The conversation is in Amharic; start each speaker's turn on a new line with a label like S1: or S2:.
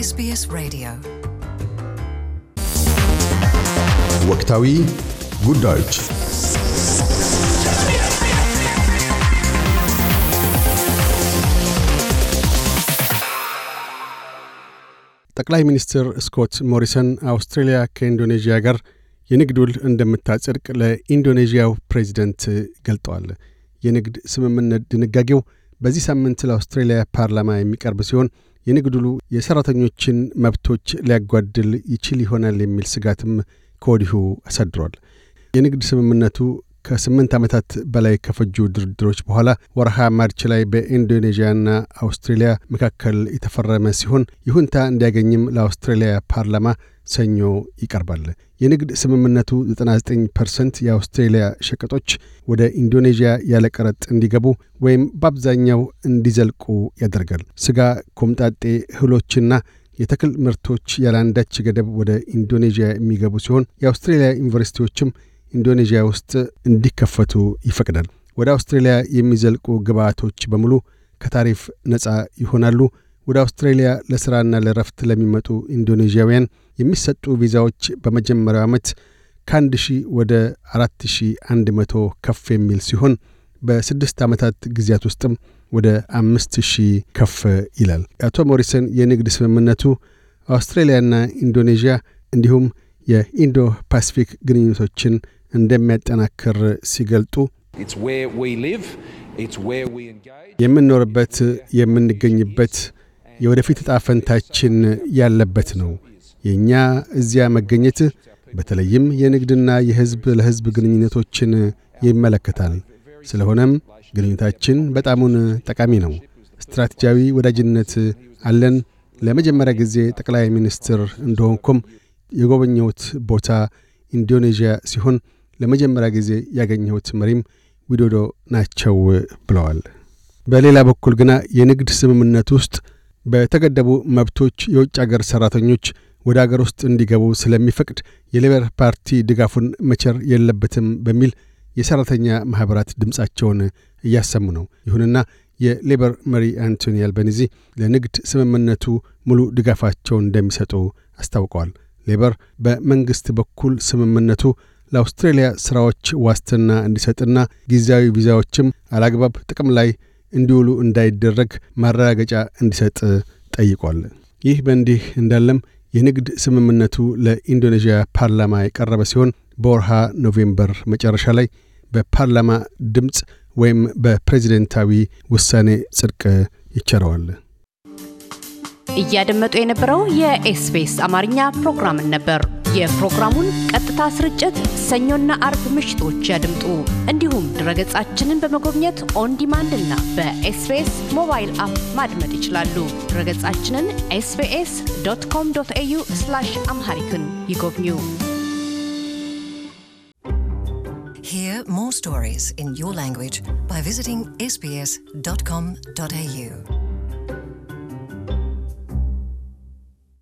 S1: ኤስቢኤስ Radio. ወቅታዊ ጉዳዮች ጠቅላይ ሚኒስትር ስኮት ሞሪሰን አውስትሬልያ ከኢንዶኔዥያ ጋር የንግድ ውል እንደምታጸድቅ ለኢንዶኔዥያው ፕሬዚደንት ገልጠዋል። የንግድ ስምምነት ድንጋጌው በዚህ ሳምንት ለአውስትሬልያ ፓርላማ የሚቀርብ ሲሆን የንግድሉ የሠራተኞችን መብቶች ሊያጓድል ይችል ይሆናል የሚል ስጋትም ከወዲሁ አሳድሯል። የንግድ ስምምነቱ ከስምንት ዓመታት በላይ ከፈጁ ድርድሮች በኋላ ወርሃ ማርች ላይ በኢንዶኔዥያና አውስትሬሊያ መካከል የተፈረመ ሲሆን ይሁንታ እንዲያገኝም ለአውስትሬሊያ ፓርላማ ሰኞ ይቀርባል። የንግድ ስምምነቱ 99 ፐርሰንት የአውስትሬሊያ ሸቀጦች ወደ ኢንዶኔዥያ ያለቀረጥ እንዲገቡ ወይም በአብዛኛው እንዲዘልቁ ያደርጋል። ስጋ፣ ኮምጣጤ፣ እህሎችና የተክል ምርቶች ያለአንዳች ገደብ ወደ ኢንዶኔዥያ የሚገቡ ሲሆን የአውስትሬሊያ ዩኒቨርሲቲዎችም ኢንዶኔዥያ ውስጥ እንዲከፈቱ ይፈቅዳል። ወደ አውስትሬልያ የሚዘልቁ ግብአቶች በሙሉ ከታሪፍ ነፃ ይሆናሉ። ወደ አውስትሬልያ ለሥራና ለረፍት ለሚመጡ ኢንዶኔዥያውያን የሚሰጡ ቪዛዎች በመጀመሪያው ዓመት ከአንድ ሺህ ወደ አራት ሺህ አንድ መቶ ከፍ የሚል ሲሆን በስድስት ዓመታት ጊዜያት ውስጥም ወደ አምስት ሺህ ከፍ ይላል። አቶ ሞሪሰን የንግድ ስምምነቱ አውስትሬልያና ኢንዶኔዥያ እንዲሁም የኢንዶ ፓሲፊክ ግንኙነቶችን እንደሚያጠናክር ሲገልጡ የምንኖርበት፣ የምንገኝበት፣ የወደፊት ዕጣ ፈንታችን ያለበት ነው። የእኛ እዚያ መገኘት በተለይም የንግድና የሕዝብ ለሕዝብ ግንኙነቶችን ይመለከታል። ስለሆነም ግንኙነታችን በጣሙን ጠቃሚ ነው። ስትራቴጂያዊ ወዳጅነት አለን። ለመጀመሪያ ጊዜ ጠቅላይ ሚኒስትር እንደሆንኩም የጎበኘሁት ቦታ ኢንዶኔዥያ ሲሆን ለመጀመሪያ ጊዜ ያገኘሁት መሪም ዊዶዶ ናቸው ብለዋል። በሌላ በኩል ግና የንግድ ስምምነት ውስጥ በተገደቡ መብቶች የውጭ አገር ሠራተኞች ወደ አገር ውስጥ እንዲገቡ ስለሚፈቅድ የሌበር ፓርቲ ድጋፉን መቸር የለበትም በሚል የሠራተኛ ማኅበራት ድምፃቸውን እያሰሙ ነው። ይሁንና የሌበር መሪ አንቶኒ አልበኒዚ ለንግድ ስምምነቱ ሙሉ ድጋፋቸውን እንደሚሰጡ አስታውቀዋል። ሌበር በመንግሥት በኩል ስምምነቱ ለአውስትሬሊያ ሥራዎች ዋስትና እንዲሰጥና ጊዜያዊ ቪዛዎችም አላግባብ ጥቅም ላይ እንዲውሉ እንዳይደረግ ማረጋገጫ እንዲሰጥ ጠይቋል። ይህ በእንዲህ እንዳለም የንግድ ስምምነቱ ለኢንዶኔዥያ ፓርላማ የቀረበ ሲሆን በወርሃ ኖቬምበር መጨረሻ ላይ በፓርላማ ድምፅ ወይም በፕሬዚደንታዊ ውሳኔ ጽድቅ ይቸረዋል። እያደመጡ የነበረው የኤስቢኤስ አማርኛ ፕሮግራምን ነበር። የፕሮግራሙን ቀጥታ ስርጭት ሰኞና አርብ ምሽቶች ያድምጡ። እንዲሁም ድረገጻችንን በመጎብኘት ኦን ዲማንድ እና በኤስቤስ ሞባይል አፕ ማድመጥ ይችላሉ። ድረገጻችንን ኤስቤስ ዶት ኮም ዶት ኤዩ አምሃሪክን ይጎብኙ። Hear more stories in your language by visiting sbs.com.au.